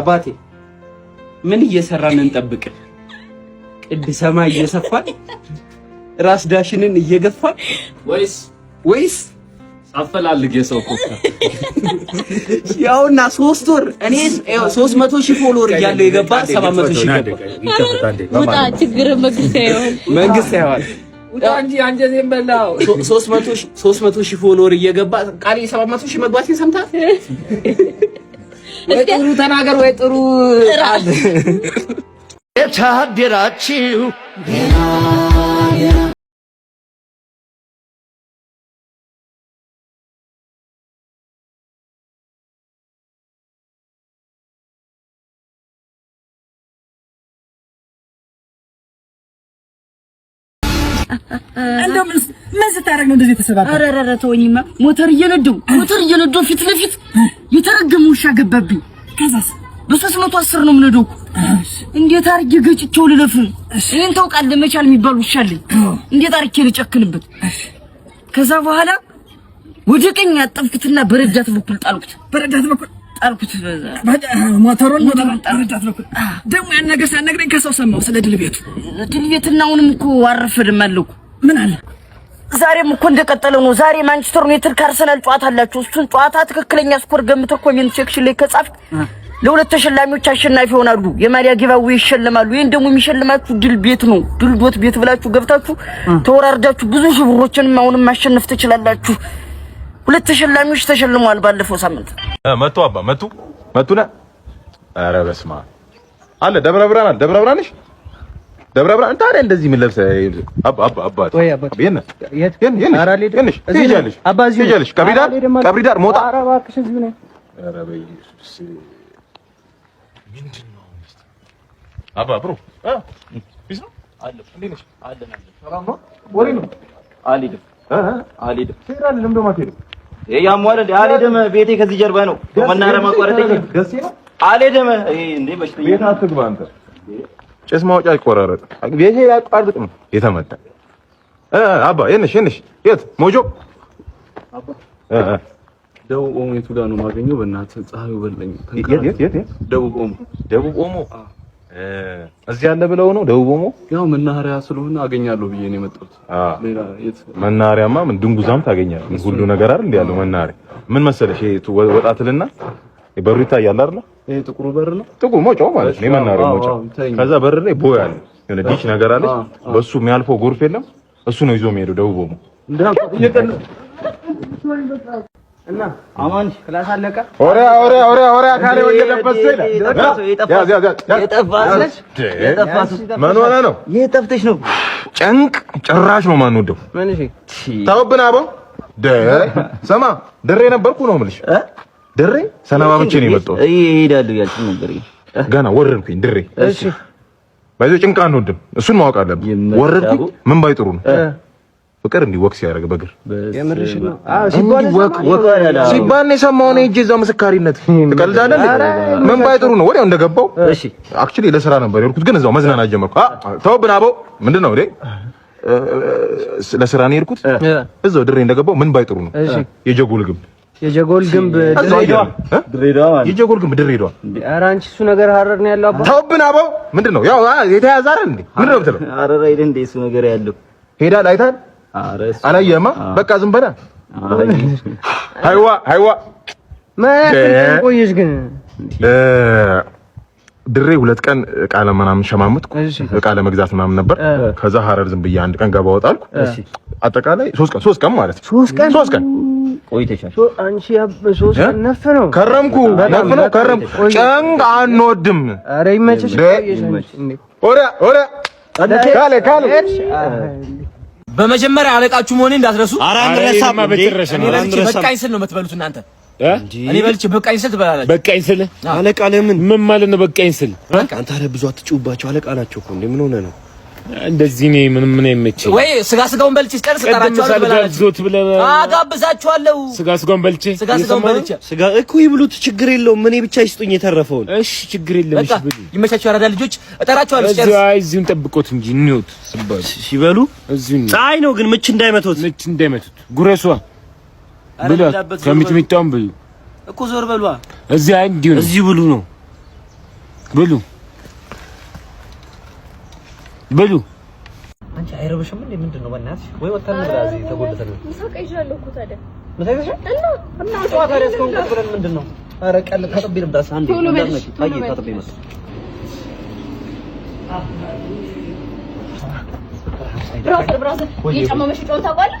አባቴ ምን እየሰራን እንጠብቅ? ቅድ ሰማይ እየሰፋን ራስ ዳሽንን እየገፋን ወይስ ወይስ አፈላልግ የሰው ኮካ ያውና ሶስት ወር እኔ ሶስት መቶ ሺህ ፎሎወር እያለው የገባ ሰባት መቶ ሺህ ውጣ ችግር መንግስት ያየዋል መንግስት ያየዋል። ውጣ እንጂ አንጀቴን በላው። ሶስት መቶ ሺህ ፎሎወር እየገባ ቃል ሰባት መቶ ሺህ መግባት ሰምታት ወይ ጥሩ ተናገር ወይ ጥሩ ገና ነው እንደዚህ ተሰባበረ? ኧረ ኧረ ተወኝማ። ሞተር እየነዳሁ ሞተር እየነዳሁ ፊት ለፊት የተረገመ ውሻ ገባብኝ። ከዛስ በሶስት መቶ አስር ነው የምነዳው እኮ እንዴት አድርጌ ገጭቼው ልለፍ ነው? ይሄን ታውቃለህ፣ መቻል የሚባል ውሻ አለኝ። እንዴት አድርጌ ልጨክንበት? ከዛ በኋላ ወደ ቀኝ አጠፍኩትና በረዳት በኩል ጣልኩት። በረዳት በኩል ጣልኩት። በዛ ሞተሩን በረዳት በኩል ደግሞ ያን ነገር ሳትነግረኝ ከሰው ሰማሁ ስለ ድል ቤቱ አሁንም እኮ አረፈድም አለኩ። ምን አለ ዛሬም እኮ እንደቀጠለ ነው። ዛሬ ማንቸስተር ዩናይትድ ከአርሰናል ጨዋታ አላችሁ። እሱን ጨዋታ ትክክለኛ ስኮር ገምተህ ኮሜንት ሴክሽን ላይ ከጻፍክ ለሁለት ተሸላሚዎች አሸናፊ ይሆናሉ። የማሊያ ጊባዊ ይሸልማሉ። ይህን ደግሞ የሚሸልማችሁ ድል ቤት ነው። ድል ዶት ቤት ብላችሁ ገብታችሁ ተወራርዳችሁ ብዙ ሺህ ብሮችንም አሁንም ማሸነፍ ትችላላችሁ። ሁለት ተሸላሚዎች ተሸልመዋል ባለፈው ሳምንት። መቱ አባ መቱ መጡ ነ ኧረ አለ ደብረ ብርሃን ደብረ ብርሃን ደብረ ብርሃን ታዲያ እንደዚህ ምን ለብሰህ አባ አባ አባ አልሄድም። ቤቴ ከዚህ ጀርባ ነው። መናኸሪያ ማቋረጥ የለም። አልሄድም። ጭስ ማውጫ ይቆራረጥ ቤቴ ላይ አቋርጥ ነው የተመጣ አባ የነሽ የነሽ የት ሞጆ ደቡብ ኦሞ የቱ ጋር ነው የማገኘው? በእናትህ ፀሐዩ በለኝ። ደቡብ ኦሞ ደቡብ ኦሞ እዚህ ብለው ነው ደቡብ ኦሞ። ያው መናኸሪያ ስለሆነ አገኛለሁ ብዬ ነው የመጣሁት። መናኸሪያማ ምን ድንጉዛም ታገኛለህ ሁሉ ነገር አይደል? ያለው መናኸሪያ ምን መሰለሽ በሩ ይታያል አይደል? ይሄ ጥቁሩ በር ነው። ጥቁሩ መውጫው ማለት ነው፣ የመናሪው መውጫው። ከዛ በር ላይ ቦይ አለ፣ የሆነ ዲሽ ነገር አለ። በሱ የሚያልፈው ጎርፍ የለም። እሱ ነው ይዞ የሚሄደው ደቡብ ኦሞ። እና አማን ክላስ አለቀ። ኦሬ ኦሬ ኦሬ ኦሬ ነው ነው? ጨንቅ ጭራሽ ነው ማንወደው ተውብን። ደ ሰማ ድሬ ነበርኩ ነው የምልሽ ድሬ ሰነባብቼ ነው የመጣሁት። እሄዳለሁ ያልኩ ነበር። ገና ወረድኩኝ። ድሬ እሺ፣ ባይዞ ጭንቃ አንወድም። እሱን ማወቅ አለብህ። ወረድኩኝ። ምን ባይጥሩ ነው ፍቅር እንዲህ ወክ ሲያደርግ በእግር ሲባል ነው የሰማው። ነው እጄ እዛው ምስካሪነት ትቀልዳለህ። ምን ባይጥሩ ነው ወዲያው እንደገባው። እሺ አክቹሊ ለስራ ነበር የሄድኩት፣ ግን እዛው መዝናናት ጀመርኩ። አ ተው ምንድን ነው ለስራ ነው የሄድኩት። እዛው ድሬ እንደገባው ምን ባይጥሩ ነው የጀጎል ግብ የጀጎል ግንብ ድሬዳዋ የጀጎል ግንብ ድሬዳዋ። ኧረ አንቺ እሱ ነገር ሀረር ነው ያለው። አባ ተውብን። አባው ምንድን ነው ያው የተያዘ አይደል እንዴ? ምንድን ነው የምትለው? ሀረር አይደል እንዴ እሱ ነገር ያለው? ሄዳል አይታል? አላየህማ? በቃ ዝም በላ። ሀይዋ ሀይዋ ቆየሽ ግን ድሬ ሁለት ቀን እቃ ለምናምን ሸማምትኩ እቃ ለመግዛት ምናምን ነበር። ከዛ ሀረር ዝም ብዬ አንድ ቀን ገባ ወጣልኩ። አጠቃላይ ሶስት ቀን ሶስት ቀን ማለት ነው። ሶስት ቀን ሶስት ቀን ከረምኩ ነፍ ነው ከረምኩ። ጨንቅ አንወድም። ኧረ ይመችሽ። በመጀመሪያ አለቃችሁ መሆኔ እንዳትረሱ። በቃኝ ስል ነው የምትበሉት እናንተ እኔ በልቼ በቃኝ ስል ትበላለች። በቃኝ ስል አለቃ ለምን ምን ማለት ነው? በቃኝ ስል አንተ ኧረ ብዙ አትጩባቸው። አለቃ ናቸው እኮ እንዴ! ምን ሆነ ነው እንደዚህ? እኔ ምንም ምን አይመቸኝ ወይ ስጋ ስጋውን በልቼ ስቀርስ ጠራቸዋለሁ። አጋብዛቸዋለሁ። ስጋ ስጋውን በልቼ ስጋ ስጋውን በልቼ ስጋ እኮ ይብሉት፣ ችግር የለውም። እኔ ብቻ ይስጡኝ የተረፈውን። እሺ ችግር የለም። እሺ ብሉ፣ ይመቻቸው። አራዳ ልጆች እጠራቸዋለሁ። ስጨርስ እዚሁን ጠብቆት እንጂ እንውት ሲበሉ እዚሁን። ፀሐይ ነው ግን ምች እንዳይመቱት፣ ምች እንዳይመቱት ጉረሷ ከሚጥሚጣውም ብሉ እኮ ዞር በሉ። እዚህ አይ እንዲሁ ነው። እዚህ ብሉ ነው። ብሉ ብሉ። አንቺ አይረብሽም እንዴ? ምንድን ነው በእናትሽ? ወይ ወጣን ብላ እዚህ ተጎልተን ነው። ምሳ ቀይሻለሁ እኮ ታዲያ። ምሳ እና እና ጨዋታ ታዲያ እስካሁን ቁጭ ምንድን ነው? ኧረ ቀልድ ከጥቤ ልምጣስ አንዴ። ቶሎ በልሽ ቶሎ በልሽ። ብራዘር ብራዘር የጫማ መሸጫውን ታውቃለህ?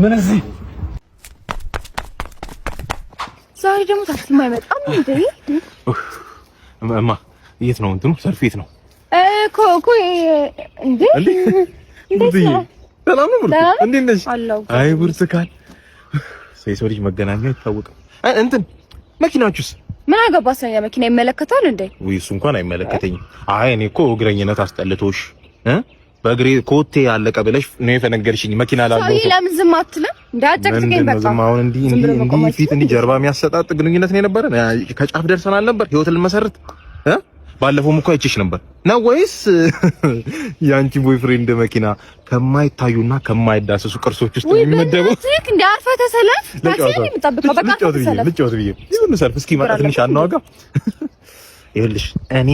ምን እዚህ ዛሬ ደግሞ ታክሲ አይመጣም እንዴ? እማ የት ነው እንትኑ? ሰልፍ የት ነው እኮ እኮ እንዴ? አይ ብርቱካን፣ የሰው ልጅ መገናኛ አይታወቅም። እንትን መኪናችሁስ ምን አገባ ሰኛ መኪና ይመለከታል እንዴ? እሱ እንኳን አይመለከተኝም። አይ እኔ እኮ እግረኝነት አስጠልቶሽ እ በእግሬ ኮቴ ያለቀ ብለሽ ነው የፈነገርሽኝ። መኪና ላይ ሰው ለምን ዝም አትልም? እንዳጨቅጭቀኝ በቃ ዝም። እንዲ እንዲ ፊት እንዲ ጀርባ የሚያሰጣጥ ግንኙነት ነው የነበረ። ከጫፍ ደርሰናል ነበር ህይወት ልመሰርት እ ባለፈውም እኮ አይቼሽ ነበር ነው ወይስ የአንቺ ቦይፍሬንድ መኪና ከማይታዩና ከማይዳሰሱ ቅርሶች ውስጥ ነው የሚመደበው? ትክ እንደ አርፈህ ተሰለፍ። ታክሲ የምጠብቀው በቃ ተሰለፍ። ልጨውት ብዬ ይሁን ሰልፍ እስኪ መጣ ትንሽ አናዋጋ። ይኸውልሽ እኔ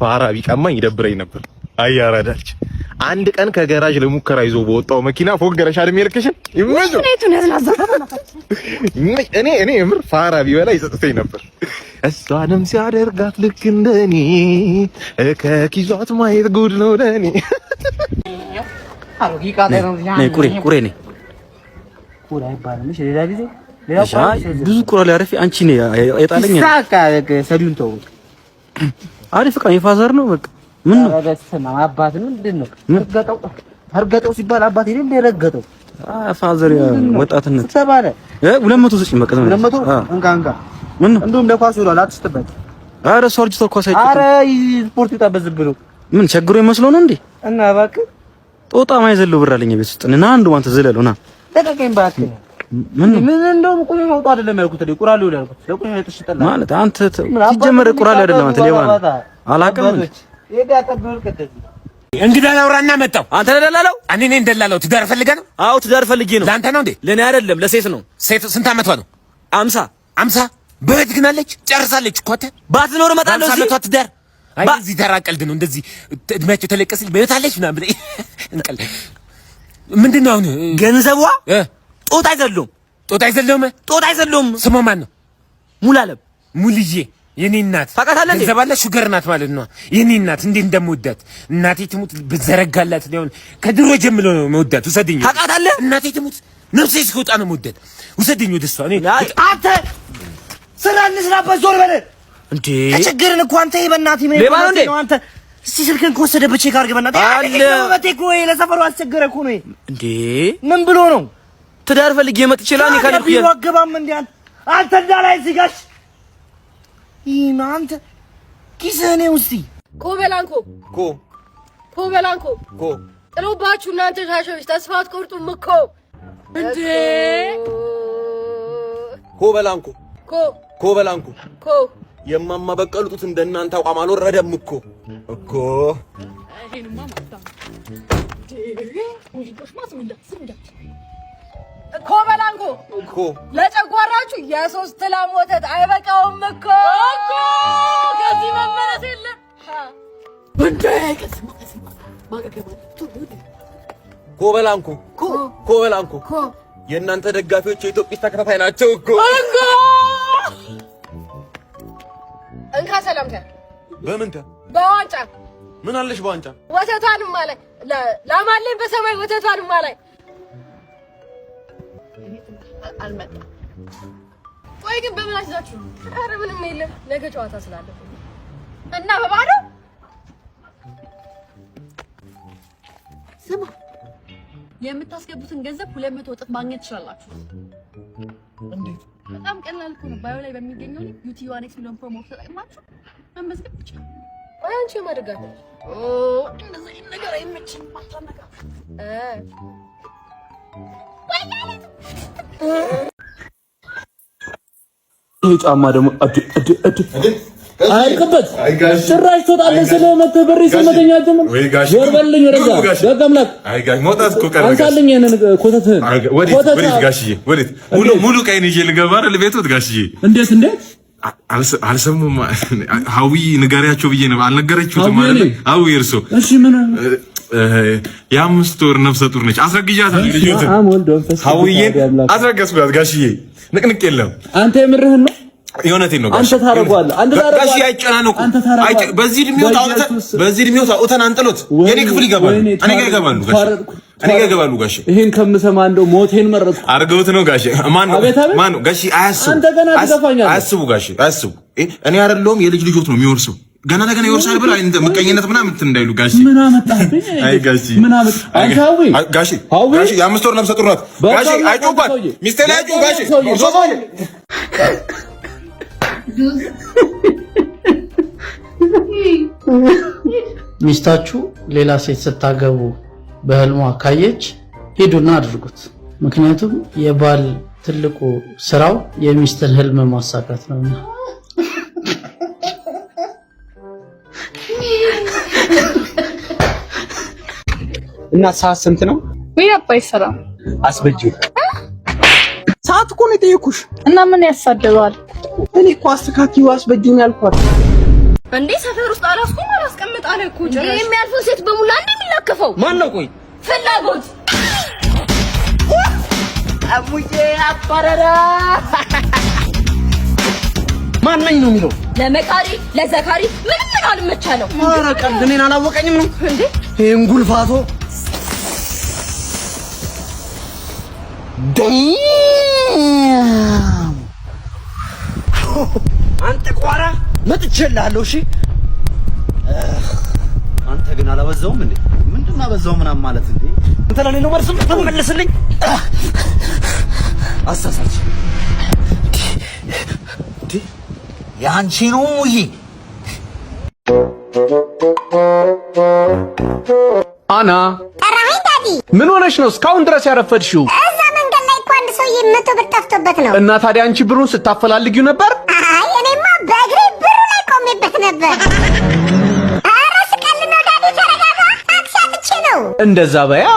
ፋራ ቢቀማኝ ይደብረኝ ነበር አያራዳች አንድ ቀን ከገራጅ ለሙከራ ይዞ በወጣው መኪና ፎቅ ገረሻ አድሜ ልክሽን ይመሽ እኔ እኔ የምር ፋራ ቢበላ ይጸጥተኝ ነበር። እሷንም ሲያደርጋት ልክ እንደኔ ከኪዟት ማየት ጉድ ነው ለኔ። ቁሬ ቁሬ ብዙ ቁራ ላይ አረፊ አንቺ ነይ አይጣለኝ አሪፍ ዕቃ የፋዘር ነው በቃ ምን ነው አባት ምንድን ነው ረገጠው ሲባል አባት ፋዘር ወጣትነት ተባለ እ 200 200 እንካ እንካ ምን ነው እንደውም ይውላል አትስጥበት ስፖርት ብሎ ምን ቸግሮ ይመስሎ ነው እንዴ እና እባክህ ጦጣ ቤት ውስጥ እና አንዱ አንተ ና እባክህ ምን ምን እንደውም ቁሚ መውጣ አይደለም ያልኩት እኔ ያልኩት ለቁሚ ማለት አንተ ሲጀመር አይደለም አንተ ሌባ አላውቅም እንግዳ ላውራና መጣው አንተ ደላላው? እኔ ነኝ ደላላው። ትዳር ፈልገህ ነው? አዎ ትዳር ፈልጌ ነው። ለአንተ ነው እንዴ? ለእኔ አይደለም፣ ለሴት ነው። ሴት ስንት አመቷ ነው? አምሳ አምሳ በህት ግን አለች። ጨርሳለች እኮ ባትኖር እመጣለሁ እዚህ ትዳር እዚህ ተራ ቀልድ ነው። እንደዚህ እድሜያቸው ተለቀስ በታለች ምናምን እንቀልድ ምንድን ነው አሁን? ገንዘቧ ጦጣ አይዘለውም፣ ጦጣ አይዘለውም፣ ጦጣ አይዘለውም። ስሟ ማን ነው? ሙላለም ሙልዬ የኔ እናት ታውቃታለህ። ገንዘብ አላት ሹገር ናት ማለት ነው። የኔ እናት እንዴት እንደምወዳት እናቴ ትሙት ብዘረጋላት ሊሆን ከድሮ ጀምሮ ነው የምወዳት። ውሰድኝ። ታውቃታለህ። እናቴ ትሙት ነፍሴ እስክወጣ ነው የምወዳት። ውሰድኝ ወደ እሷ። እኔ አንተ ስራ እንስራበት ዞር በለ እንዴ! ተቸገርን እኮ አንተ። በእናትህ ምን ነው አንተ? እስቲ ስልክህን ከወሰደብህ ቼክ አድርግ በእናትህ። አለ እኮ ይሄ ለሰፈሩ አስቸገረ እኮ ነው። እንዴ ምን ብሎ ነው? ትዳር ፈልጌ መጥቼ ላኔ ካልኩ ይሄ አገባም እንዴ አንተ እንዳላይ ሲጋሽ አንተ ኪስህኔ ውስቲ ኮበላንኮ ኮ ኮበላንኮ ኮ ጥሎባችሁ እናንተ ሻሾች ተስፋ አትቆርጡም እኮ እንዴ! ኮበላንኮ ኮ ኮበላንኮ ኮ የማማ በቀሉ ጡት እንደናንተ አቋም አልወረደም እኮ እኮ ይሄንማ እኮ በላንጎ እኮ ለጨጓራችሁ የሶስት ላም ወተት አይበቃውም እኮ እኮ ከዚህ መመለስ የለ ኮበላንኩ ኮበላንኩ የእናንተ ደጋፊዎች የኢትዮጵያ ተከታታይ ናቸው እኮ እኮ እንካ ሰላምታ በምንተ በዋንጫ ምን አለሽ በዋንጫ ወተቷንም አላይ ላማለኝ በሰማይ ወተቷንም አላይ አልመጣም። ቆይ ግን በምን አስዛችሁ? ኧረ ምንም የለም። ነገ ጨዋታ ስላለ እና በባዶ ስማ፣ የምታስገቡትን ገንዘብ ሁለት መቶ እጥፍ ማግኘት ትችላላችሁ። እንዴት? በጣም ቀላል እኮ ነው። ባዮ ላይ በሚገኘው ዩቲ ዩአኔክስ ሚሊዮን ፕሮሞት ተጠቅማችሁ መመዝገብ ይቻላል። ቆይ አንቺ የማደርጋት እንደዚህ ነገር አይመችም። ማታ ነገር እ ይሄ ጫማ ደግሞ አይቅበት ጭራሽ ትወጣለህ ስለ መተ በሬ ስለመተኛ አይደለም ወር በልኝ ወደዛ ደጋምላክ አንሳልኝ ይሄንን ኮተትህን ወዴት ጋሽዬ? ወዴት ሙሉ ሙሉ ቀይን ይዤ ልገባ አይደል ቤቶት ጋሽዬ? እንዴት እንዴት አልሰሙም። ሀዊ ንገሪያቸው ብዬ ነው አልነገረችሁትም ማለት ሀዊ እርሶ እሺ ምን የአምስት ወር ነፍሰ ጡር ነች። አስረግዣታለሁ ልጆትን ሀዊዬን አስረገዝኳት ጋሽዬ ንቅንቅ የለም። አንተ የምርህን ነው። የእውነቴን ነው። አንተ ታረጋለህ። አንተ ታረጋለህ። አይጨናነቁ። በዚህ እድሜው ታውተ በዚህ እድሜው ታውተን አንጥሎት የኔ ክፍል ይገባሉ። እኔ ጋር ይገባሉ። እኔ ጋር ይገባሉ። ጋሼ ይሄን ከምሰማ እንደው ሞቴን መረጥኩ። አርገውት ነው ጋሼ። ማን ነው ማን ነው ጋሼ? አያስቡ። አንተ ገና ትገፋኛለህ። አያስቡ ጋሼ፣ አያስቡ። እኔ አይደለሁም የልጅ ልጆት ነው የሚወርሰው ገና ለገና ይወርሳል ብላ እንደ ምቀኝነት ምናምን እንትን እንዳይሉ ጋሺ ምን አመጣብኝ? አይ ጋሺ ምን ጋሺ ጋሺ የአምስት ወር ነፍሰ ጡር ናት ጋሺ። አይጮባት ሚስቴ ላይ አይጮ ጋሺ ሚስታችሁ ሌላ ሴት ስታገቡ በህልሟ ካየች ሂዱና አድርጉት። ምክንያቱም የባል ትልቁ ስራው የሚስትን ህልም ማሳካት ነውና እና ሰዓት ስንት ነው? ወይ አባይ ሰላም አስበጂው። ሰዓት እኮ ነው የጠየኩሽ። እና ምን ያሳደባል? እኔ እኮ አስተካክዩ አስበጂው ነው ያልኳት። እንዴ ሰፈር ውስጥ አላስኩም አላስቀምጥ አለ እኮ ጭራሽ። የሚያልፈው ሴት በሙላ እንዴ የሚላከፈው ማን ነው? ቆይ ፍላጎት አሙዬ አባረራ ነኝ ነው የሚለው? ለመቃሪ ለዘካሪ ምንም ምን አልመቻለው። ማራቀን ቀልድ እኔን አላወቀኝም ነው እንዴ ይሄን ጉልፋቶ ደም አንተ ቋራ መጥቼልሃለሁ። እሺ አንተ ግን አላበዛውም እንዴ? ምንድን ነው አበዛው ምናምን ማለት እንዴ? አንተ ለኔ ነው መልስም መልስልኝ። አሳሳች እንዴ? ያንቺ ነው ይሄ አና። ጠራኸኝ? ዳዲ ምን ሆነሽ ነው እስካሁን ድረስ ያረፈድሽው? ሰውዬ መቶ ብር ጠፍቶበት ነው። እና ታዲያ አንቺ ብሩን ስታፈላልጊው ነበር? አይ እኔማ በእግሬ ብሩ ላይ ቆሜበት ነበር። ኧረ ስቀልድ ነው ዳዲ፣ ተረጋጋ። ታክሲ ነው። እንደዛ በያ።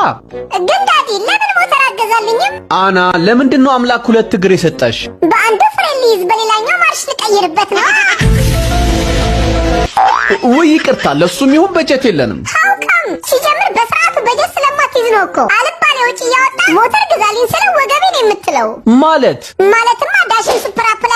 ግን ዳዲ ለምን ሞተር አገዛልኝም? አና ለምንድን ነው አምላክ ሁለት እግር የሰጠሽ? በአንዱ ፍሬ ልይዝ፣ በሌላኛው ማርሽ ልቀይርበት ነው። ውይ ይቅርታ፣ ለሱም ይሁን በጀት የለንም። ታውቃም ሲጀምር በሰዓቱ በጀት ስለማትይዝ ነው እኮ አልባሌ ውጪ እያወጣ ሞተር ግዛልኝ ስለ ወገቤን የምትለው ማለት ማለትማ ዳሽን ሱፐር አፕል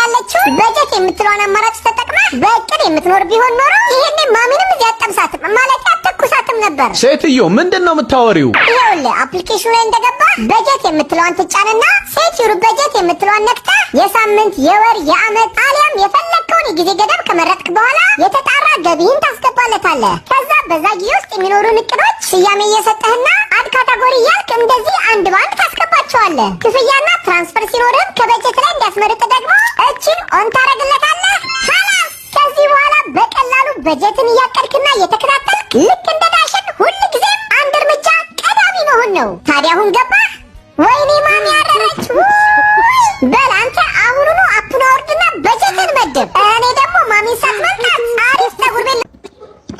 ላይ በጀት የምትለውን አማራጭ ተጠቅማ በእቅድ የምትኖር ቢሆን ኖሮ ይሄኔ ማሚንም እዚህ አጠብሳትም ማለት አተኩሳትም ነበር። ሴትዮ ምንድን ነው የምታወሪው? ይኸውልህ አፕሊኬሽኑ ላይ እንደገባ በጀት የምትለዋን ትጫንና ሴኪዩር በጀት የምትለዋን ነክታ የሳምንት የወር የአመት አሊያም የፈለግከውን የጊዜ ገደብ ከመረጥክ በኋላ የተጣራ ገቢህን ታስገባለታለህ። ከዛ በዛ ጊዜ ውስጥ የሚኖሩ እቅዶች ስያሜ እየሰጠህና አድ ካታጎሪ ያልክ እንደዚህ አንድ ባንክ ታስገባቸዋለህ። ክፍያና ትራንስፈር ሲኖርም ከበጀት ላይ እንዲያስመርጥ ደግሞ እችን ኦን ታደርግለታለህ። ሀላስ ከዚህ በኋላ በቀላሉ በጀትን እያቀድክና እየተከታተልክ ልክ እንደ ዳሽን ጊዜም አንድ እርምጃ ቀዳሚ መሆን ነው። ታዲያ አሁን ገባህ? ወይኔ ማሚ ያረረች። በል አንተ አሁኑኑ አፑን አውርድና በጀትን መድብ። እኔ ደግሞ ማሚን ሳትመምጣት አሪፍ ጸጉር ቤት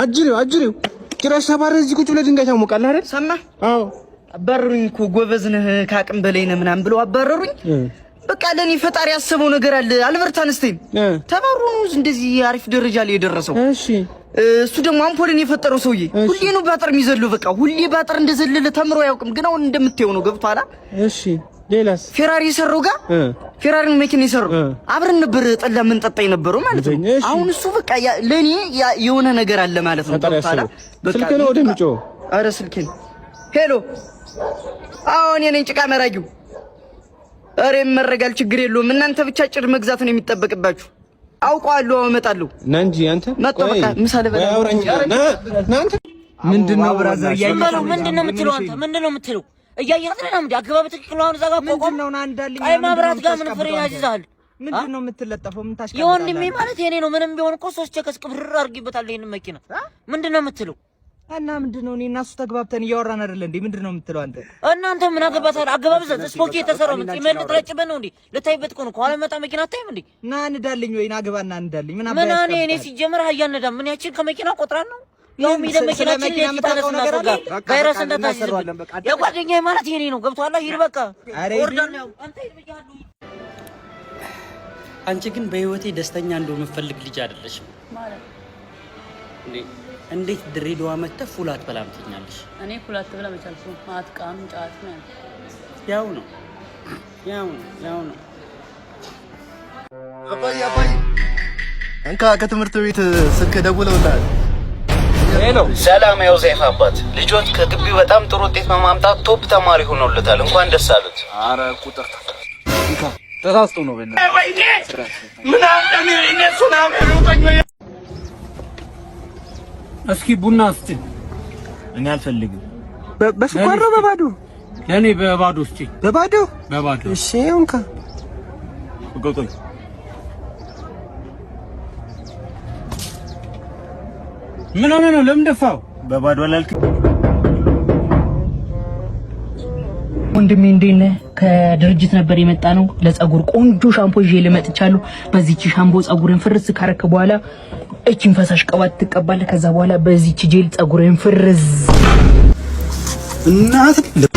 አጅሪው አጅሪው ጭራሽ ሰባረ እዚህ ቁጭ ብለህ ድንጋይ ታሞቃለህ አይደል? ሰማህ? አዎ አባረሩኝ እኮ ጎበዝ ነህ ከአቅም በላይ ነህ ምናምን ብለው አባረሩኝ። በቃ ለእኔ ፈጣሪ ያሰበው ነገር አለ። አልበርት አንስቴን ተመሩ ነው እንደዚህ አሪፍ ደረጃ ላይ የደረሰው። እሱ ደግሞ አምፖልን የፈጠረው ሰውዬ ሁሌ ነው ባጠር የሚዘለው። በቃ ሁሌ ባጥር እንደዘለለ ተምሮ አያውቅም። ግን አሁን እንደምታየው ነው ገብቷላ። እሺ ሌላስ ፌራሪ የሰራው ጋር ፌራሪ መኪና የሰራው አብረን ነበር ጠላ የምንጠጣ የነበረው ማለት ነው። አሁን እሱ በቃ ለእኔ የሆነ ነገር አለ ማለት ነው። ገብቷላ። በቃ ስልክ ነው ወደ አረ ስልክ ሄሎ አዎ እኔ ነኝ ጭቃ መራጊው። እሬ መረጋል፣ ችግር የለውም። እናንተ ብቻ ጭድ መግዛት ነው የሚጠበቅባችሁ። አውቀዋለሁ። አዎ እመጣለሁ። ና እንጂ አንተ መጣ። በቃ ምሳ ልበላ ምንድን ነው ብራዘር? እያየሁ ምንድን ነው የምትለው አንተ? ምንድን ነው የምትለው? እያየሁት ነው እንዴ? አግባብ ትክክል ነው። እዛ ጋር ቆቆም አይ ማብራት ጋር ምን ፍሬ ያዝዛል? ምንድን ነው የምትለጠፈው? ምን ታሽቃለህ? የወንድሜ ማለት የኔ ነው። ምንም ቢሆን እኮ ሶስት ቼከስ ቅብር አድርጊበታለሁ ይሄን መኪና። ምንድን ነው የምትለው? እና ምንድን ነው እኔ እና እሱ ተግባብተን እያወራን አይደለ እንዴ? ምንድን ነው የምትለው አንተ? እናንተ ምን አገባታ? አገባብ ዘ ስፖኪ የተሰራው ምን ፂመን ልትረጭብን ነው እንዴ? ልታይበት እኮ ነው። ከኋላ የሚመጣ መኪና አታይም እንዴ? እና እንዳልኝ ወይ ና ግባ እና እንዳልኝ ምን አባ ምን እኔ ሲጀምር አህያ ነዳ ምን ያችን ከመኪና ቆጥራን ነው ያው ሚደ መኪናችን ላይ ተነስ እና ጋር ቫይረስ እንዳታስይዝብን የጓደኛዬ ማለት የኔ ነው። ገብቶሃል? ሂድ በቃ ኦርደር ነው አንተ ሂድ ብያለሁ። አንቺ ግን በህይወቴ ደስተኛ እንደው የምፈልግ ልጅ አይደለሽም ማለት እንዴ እንዴት ድሬዳዋ መጥተህ ፉል አትበላ ትኛለሽ? እኔ ፉል አትበላ መቻልኩ አትቃም ጫት ነው ያው ነው ያው ነው ያው ነው። አባይ አባይ እንካ ከትምህርት ቤት ስልክ ደውለውልሃል። ሄሎ ሰላም፣ የዮሴፍ አባት ልጆት ከግቢ በጣም ጥሩ ውጤት በማምጣት ቶፕ ተማሪ ሆኖልታል። እንኳን ደስ አሉት። አረ ቁጥር ተሳስቶ ነው። እስኪ ቡና ስጭኝ። እኔ አልፈልግም። በስኳር ነው በባዶ ለኔ በባዶ እስቲ በባዶ በባዶ። እሺ እንካ ቆቆይ ምን ሆነ ነው? ለምን ደፋው? በባዶ አላልክ ወንድሜ እንዴት ነህ? ከድርጅት ነበር የመጣ ነው። ለጸጉር ቆንጆ ሻምፖ ይዤ ልመጥቻለሁ። በዚህች ሻምፖ ጸጉርን ፍርስ ካረክ በኋላ እችን ፈሳሽ ቅባት ትቀባለህ። ከዛ በኋላ በዚች ጄል ፀጉሬን ፍርዝ እናት